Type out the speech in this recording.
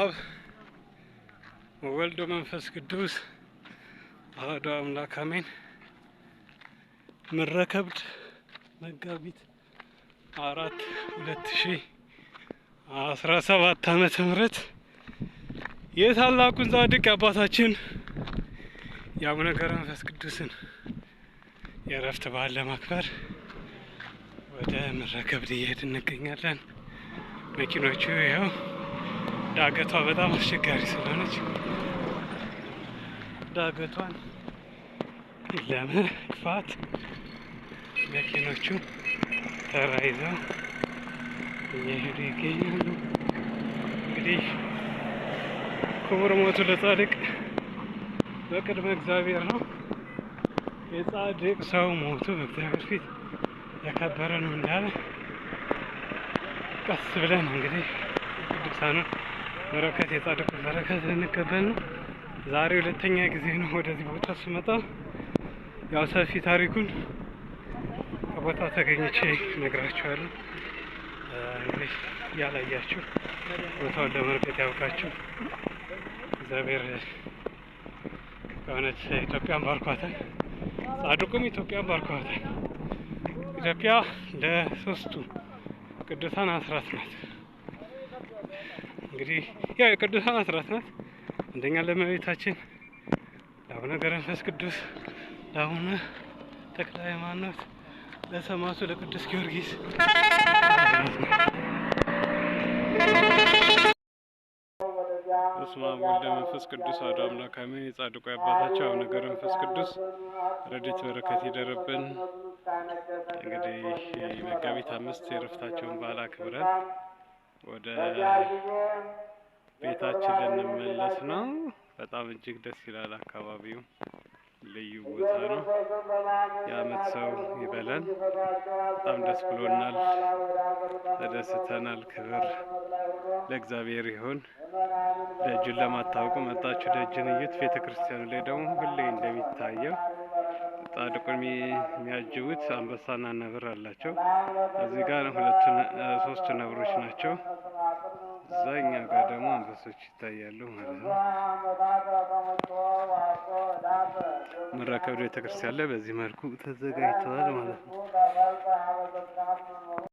አብ ወልዶ መንፈስ ቅዱስ አሐዱ አምላክ አሜን። ምድረ መጋቢት አራት ሁለት ሺ አስራ ሰባት ዓመተ ምህረት የታላቁን ጻድቅ አባታችን የአቡነ ገብረ መንፈስ ቅዱስን የእረፍት በዓል ለማክበር ወደ ምድረ እየሄድ እንገኛለን። መኪኖቹ ይኸው ዳገቷ በጣም አስቸጋሪ ስለሆነች ዳገቷን ለመግፋት መኪኖቹ ተራይዘው እየሄዱ ይገኛሉ። እንግዲህ ክቡር ሞቱ ለጻድቅ በቅድመ እግዚአብሔር ነው። የጻድቅ ሰው ሞቱ በእግዚአብሔር ፊት ያከበረ ነው እንዳለ ቀስ ብለን እንግዲህ ቅዱሳኑን በረከት የጻድቁ በረከት ልንቀበል ነው። ዛሬ ሁለተኛ ጊዜ ነው ወደዚህ ቦታ ስመጣ። ያው ሰፊ ታሪኩን ከቦታ ተገኝቼ ነግራችኋለሁ። እንግዲህ ያላያችሁ ቦታውን ለመርቀት ያውቃችሁ። እግዚአብሔር በእውነት ኢትዮጵያን ባርኳታል፣ ጻድቁም ኢትዮጵያን ባርኳታል። ኢትዮጵያ ለሶስቱ ቅዱሳን አስራት ናት። እንግዲህ ያው የቅዱሳን አስራት ናት። አንደኛ ለመቤታችን ለአቡነ ገብረ መንፈስ ቅዱስ፣ ለአቡነ ተክለ ሃይማኖት፣ ለሰማዕቱ ለቅዱስ ጊዮርጊስ በስመ አብ ወወልድ ወመንፈስ ቅዱስ አሐዱ አምላክ አሜን። የጻድቁ አባታቸው አቡነ ገብረ መንፈስ ቅዱስ ረድኤት በረከት ይደርብን። እንግዲህ መጋቢት አምስት የዕረፍታቸውን በዓል አክብረን ወደ ቤታችን ልንመለስ ነው። በጣም እጅግ ደስ ይላል። አካባቢው ልዩ ቦታ ነው። የአመት ሰው ይበለን። በጣም ደስ ብሎናል፣ ተደስተናል። ክብር ለእግዚአብሔር ይሁን። ደጁን ለማታወቁ መጣችሁ፣ ደጅን እዩት። ቤተ ክርስቲያኑ ላይ ደግሞ ሁሌ እንደሚታየው ጻድቁን የሚያጅቡት አንበሳና ነብር አላቸው። እዚህ ጋር ሁለት ሶስት ነብሮች ናቸው። እኛ ጋር ደግሞ አንበሶች ይታያሉ ማለት ነው። መራከብዶ ቤተክርስቲያን ላይ በዚህ መልኩ ተዘጋጅተዋል ማለት ነው።